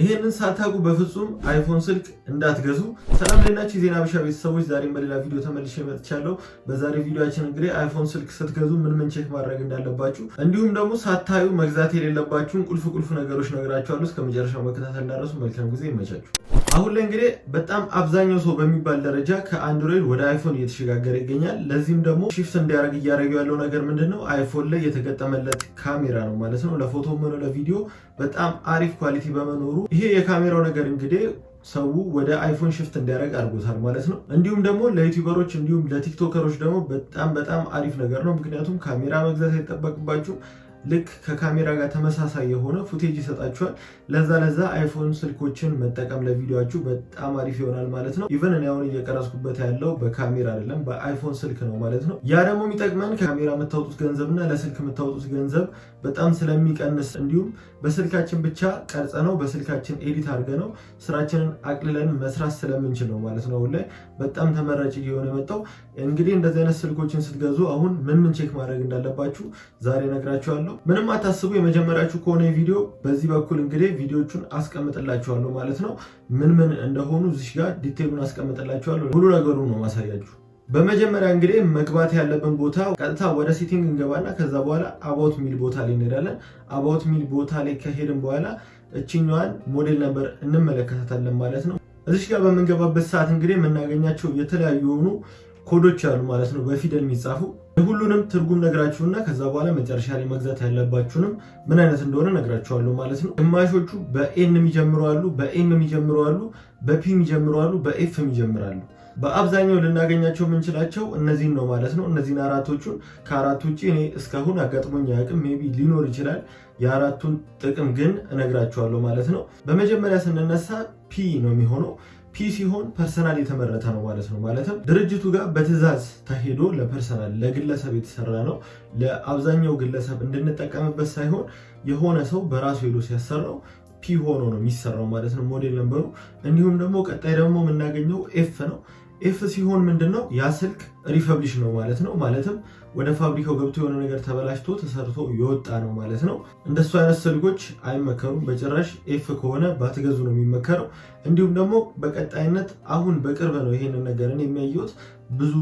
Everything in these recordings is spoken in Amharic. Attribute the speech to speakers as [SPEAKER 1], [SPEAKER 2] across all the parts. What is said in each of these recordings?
[SPEAKER 1] ይሄንን ሳታውቁ በፍጹም አይፎን ስልክ እንዳትገዙ። ሰላም ለናችሁ የዜና ብሻ ቤተሰቦች፣ ዛሬም በሌላ ቪዲዮ ተመልሼ መጥቻለሁ። በዛሬ ቪዲዮችን እንግዲህ አይፎን ስልክ ስትገዙ ምን ምን ቼክ ማድረግ እንዳለባችሁ እንዲሁም ደግሞ ሳታዩ መግዛት የሌለባችሁን ቁልፍ ቁልፍ ነገሮች ነግራችኋለሁ። እስከ መጨረሻው መከታተል እንዳረሱ። መልካም ጊዜ ይመቻችሁ። አሁን ላይ እንግዲህ በጣም አብዛኛው ሰው በሚባል ደረጃ ከአንድሮይድ ወደ አይፎን እየተሸጋገረ ይገኛል። ለዚህም ደግሞ ሽፍት እንዲያደርግ እያደረገ ያለው ነገር ምንድን ነው? አይፎን ላይ የተገጠመለት ካሜራ ነው ማለት ነው። ለፎቶም ሆነ ለቪዲዮ በጣም አሪፍ ኳሊቲ በመኖሩ ይሄ የካሜራው ነገር እንግዲህ ሰው ወደ አይፎን ሽፍት እንዲያደርግ አድርጎታል ማለት ነው። እንዲሁም ደግሞ ለዩቲዩበሮች እንዲሁም ለቲክቶከሮች ደግሞ በጣም በጣም አሪፍ ነገር ነው። ምክንያቱም ካሜራ መግዛት አይጠበቅባችሁም። ልክ ከካሜራ ጋር ተመሳሳይ የሆነ ፉቴጅ ይሰጣችኋል። ለዛ ለዛ አይፎን ስልኮችን መጠቀም ለቪዲዮችሁ በጣም አሪፍ ይሆናል ማለት ነው። ኢቨን እኔ አሁን እየቀረስኩበት ያለው በካሜራ አይደለም በአይፎን ስልክ ነው ማለት ነው። ያ ደግሞ የሚጠቅመን ከካሜራ የምታወጡት ገንዘብ እና ለስልክ የምታወጡት ገንዘብ በጣም ስለሚቀንስ እንዲሁም በስልካችን ብቻ ቀርጸ ነው በስልካችን ኤዲት አድርገ ነው ስራችንን አቅልለን መስራት ስለምንችል ነው ማለት ነው። ላይ በጣም ተመራጭ እየሆነ የመጣው እንግዲህ እንደዚህ አይነት ስልኮችን ስትገዙ አሁን ምን ምን ቼክ ማድረግ እንዳለባችሁ ዛሬ ነግራችኋለሁ። ምንም አታስቡ። የመጀመሪያችሁ ከሆነ ቪዲዮ በዚህ በኩል እንግዲህ ቪዲዮቹን አስቀምጥላችኋለሁ ማለት ነው። ምን ምን እንደሆኑ እዚህ ጋር ዲቴሉን አስቀምጥላችኋለሁ። ሙሉ ነገሩ ነው ማሳያችሁ። በመጀመሪያ እንግዲህ መግባት ያለብን ቦታ ቀጥታ ወደ ሴቲንግ እንገባና ከዛ በኋላ አባውት ሚል ቦታ ላይ እንሄዳለን። አባውት ሚል ቦታ ላይ ከሄድን በኋላ እችኛዋን ሞዴል ነበር እንመለከታታለን ማለት ነው። እዚች ጋር በምንገባበት ሰዓት እንግዲህ የምናገኛቸው የተለያዩ የሆኑ ኮዶች አሉ ማለት ነው፣ በፊደል የሚጻፉ ሁሉንም ትርጉም ነግራችሁና ከዛ በኋላ መጨረሻ ላይ መግዛት ያለባችሁንም ምን አይነት እንደሆነ ነግራችኋሉ ማለት ነው። ግማሾቹ በኤን የሚጀምሩ አሉ፣ በኤም የሚጀምሩ አሉ፣ በፒ የሚጀምሩ አሉ፣ በኤፍም ይጀምራሉ። በአብዛኛው ልናገኛቸው የምንችላቸው እነዚህን ነው ማለት ነው። እነዚህን አራቶቹን ከአራት ውጭ እኔ እስካሁን አጋጥሞኝ አያውቅም። ሜይ ቢ ሊኖር ይችላል። የአራቱን ጥቅም ግን እነግራችኋለሁ ማለት ነው። በመጀመሪያ ስንነሳ ፒ ነው የሚሆነው ፒ ሲሆን ፐርሰናል የተመረተ ነው ማለት ነው። ማለትም ድርጅቱ ጋር በትዕዛዝ ተሄዶ ለፐርሰናል ለግለሰብ የተሰራ ነው። ለአብዛኛው ግለሰብ እንድንጠቀምበት ሳይሆን የሆነ ሰው በራሱ ሄዶ ሲያሰራው ፒ ሆኖ ነው የሚሰራው ማለት ነው ሞዴል ነበሩ። እንዲሁም ደግሞ ቀጣይ ደግሞ የምናገኘው ኤፍ ነው። ኤፍ ሲሆን ምንድን ነው ያ ስልክ ሪፐብሊሽ ነው ማለት ነው። ማለትም ወደ ፋብሪካው ገብቶ የሆነ ነገር ተበላሽቶ ተሰርቶ የወጣ ነው ማለት ነው። እንደሱ አይነት ስልኮች አይመከሩም በጭራሽ። ኤፍ ከሆነ ባትገዙ ነው የሚመከረው። እንዲሁም ደግሞ በቀጣይነት አሁን በቅርብ ነው ይሄንን ነገርን የሚያየሁት። ብዙ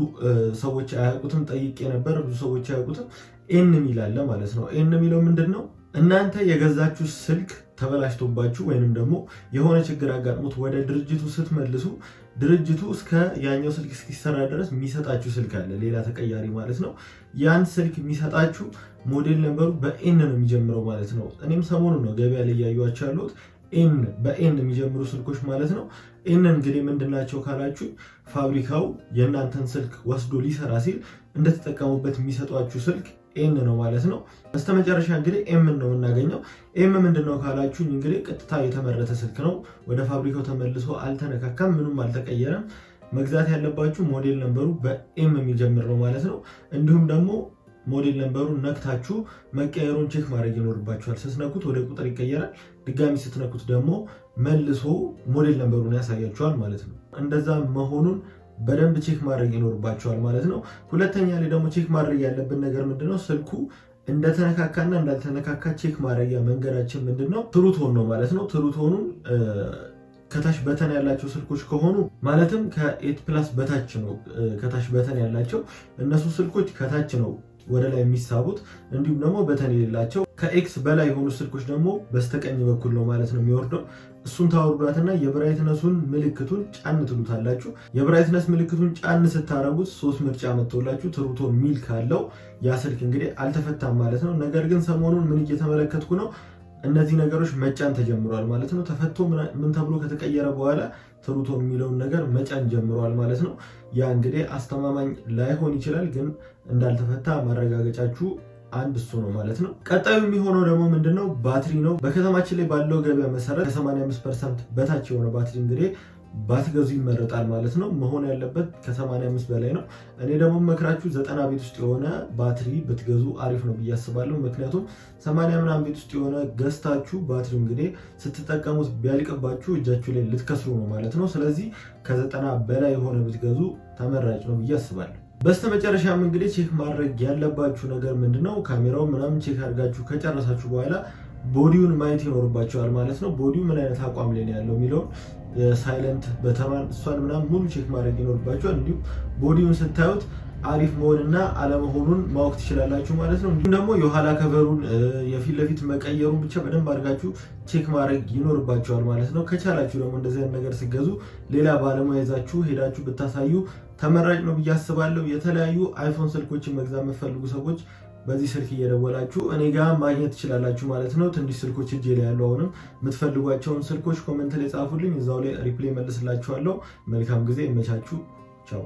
[SPEAKER 1] ሰዎች አያውቁትም፣ ጠይቄ ነበር። ብዙ ሰዎች አያውቁትም። ኤን የሚላለ ማለት ነው። ኤን የሚለው ምንድን ነው? እናንተ የገዛችሁ ስልክ ተበላሽቶባችሁ ወይንም ደግሞ የሆነ ችግር አጋጥሞት ወደ ድርጅቱ ስትመልሱ ድርጅቱ እስከ ያኛው ስልክ እስኪሰራ ድረስ የሚሰጣችሁ ስልክ አለ፣ ሌላ ተቀያሪ ማለት ነው። ያን ስልክ የሚሰጣችሁ ሞዴል ነበሩ በኤን ነው የሚጀምረው ማለት ነው። እኔም ሰሞኑን ነው ገበያ ላይ እያዩዋቸው ያሉት ኤን በኤን የሚጀምሩ ስልኮች ማለት ነው። ኤን እንግዲህ ምንድናቸው ካላችሁ ፋብሪካው የእናንተን ስልክ ወስዶ ሊሰራ ሲል እንደተጠቀሙበት የሚሰጧችሁ ስልክ ኤን ነው ማለት ነው። በስተመጨረሻ እንግዲህ ኤም ነው የምናገኘው። ኤም ምንድን ነው ካላችሁኝ እንግዲህ ቀጥታ የተመረተ ስልክ ነው። ወደ ፋብሪካው ተመልሶ አልተነካካም፣ ምንም አልተቀየረም። መግዛት ያለባችሁ ሞዴል ነምበሩ በኤም የሚጀምር ነው ማለት ነው። እንዲሁም ደግሞ ሞዴል ነንበሩ ነክታችሁ መቀየሩን ቼክ ማድረግ ይኖርባችኋል። ስትነኩት ወደ ቁጥር ይቀየራል። ድጋሚ ስትነኩት ደግሞ መልሶ ሞዴል ነምበሩን ያሳያችኋል ማለት ነው። እንደዛ መሆኑን በደንብ ቼክ ማድረግ ይኖርባቸዋል ማለት ነው። ሁለተኛ ላይ ደግሞ ቼክ ማድረግ ያለብን ነገር ምንድነው ስልኩ እንደተነካካና እንዳልተነካካ ቼክ ማድረጊያ መንገዳችን ምንድነው ትሩቶን ነው ማለት ነው። ትሩቶኑን ከታች በተን ያላቸው ስልኮች ከሆኑ ማለትም ከኤት ፕላስ በታች ነው። ከታች በተን ያላቸው እነሱ ስልኮች ከታች ነው ወደ ላይ የሚሳቡት እንዲሁም ደግሞ በተን የሌላቸው ከኤክስ በላይ የሆኑ ስልኮች ደግሞ በስተቀኝ በኩል ነው ማለት ነው የሚወርደው። እሱን ታወርዱትና የብራይትነሱን ምልክቱን ጫን ትሉታላችሁ። የብራይትነስ ምልክቱን ጫን ስታረጉት ሶስት ምርጫ መጥቶላችሁ ትሩቶ ሚል ካለው ያ ስልክ እንግዲህ አልተፈታም ማለት ነው። ነገር ግን ሰሞኑን ምን እየተመለከትኩ ነው እነዚህ ነገሮች መጫን ተጀምሯል ማለት ነው። ተፈቶ ምን ተብሎ ከተቀየረ በኋላ ትሩቶ የሚለውን ነገር መጫን ጀምረዋል ማለት ነው። ያ እንግዲህ አስተማማኝ ላይሆን ይችላል፣ ግን እንዳልተፈታ ማረጋገጫችሁ አንድ እሱ ነው ማለት ነው። ቀጣዩ የሚሆነው ደግሞ ምንድነው? ባትሪ ነው። በከተማችን ላይ ባለው ገበያ መሰረት ከ85 ፐርሰንት በታች የሆነ ባትሪ እንግዲህ ባትገዙ ይመረጣል ማለት ነው። መሆን ያለበት ከ85 በላይ ነው። እኔ ደግሞ መክራችሁ ዘጠና ቤት ውስጥ የሆነ ባትሪ ብትገዙ አሪፍ ነው ብዬ አስባለሁ። ምክንያቱም 80 ምናምን ቤት ውስጥ የሆነ ገዝታችሁ ባትሪ እንግዲህ ስትጠቀሙት ቢያልቅባችሁ እጃችሁ ላይ ልትከስሩ ነው ማለት ነው። ስለዚህ ከዘጠና በላይ የሆነ ብትገዙ ተመራጭ ነው ብዬ አስባለሁ። በስተ መጨረሻም እንግዲህ ቼክ ማድረግ ያለባችሁ ነገር ምንድነው? ካሜራው ምናምን ቼክ አድርጋችሁ ከጨረሳችሁ በኋላ ቦዲውን ማየት ይኖርባቸዋል ማለት ነው። ቦዲው ምን አይነት አቋም ላይ ነው ያለው የሚለውን ሳይለንት በተማን እሷን ምናምን ሙሉ ቼክ ማድረግ ይኖርባቸዋል። እንዲሁም ቦዲውን ስታዩት አሪፍ መሆንና አለመሆኑን ማወቅ ትችላላችሁ ማለት ነው። እንዲሁም ደግሞ የኋላ ከቨሩን የፊት ለፊት መቀየሩን ብቻ በደንብ አድርጋችሁ ቼክ ማድረግ ይኖርባቸዋል ማለት ነው። ከቻላችሁ ደግሞ እንደዚህ ነገር ሲገዙ ሌላ ባለሙያ ይዛችሁ ሄዳችሁ ብታሳዩ ተመራጭ ነው ብዬ አስባለሁ። የተለያዩ አይፎን ስልኮችን መግዛት የምትፈልጉ ሰዎች በዚህ ስልክ እየደወላችሁ እኔ ጋር ማግኘት ትችላላችሁ ማለት ነው። ትንሽ ስልኮች እጄ ላይ ያሉ አሁንም የምትፈልጓቸውን ስልኮች ኮመንት ላይ ጻፉልኝ፣ እዛው ላይ ሪፕሌይ መልስላችኋለሁ። መልካም ጊዜ፣ ይመቻችሁ። ቻው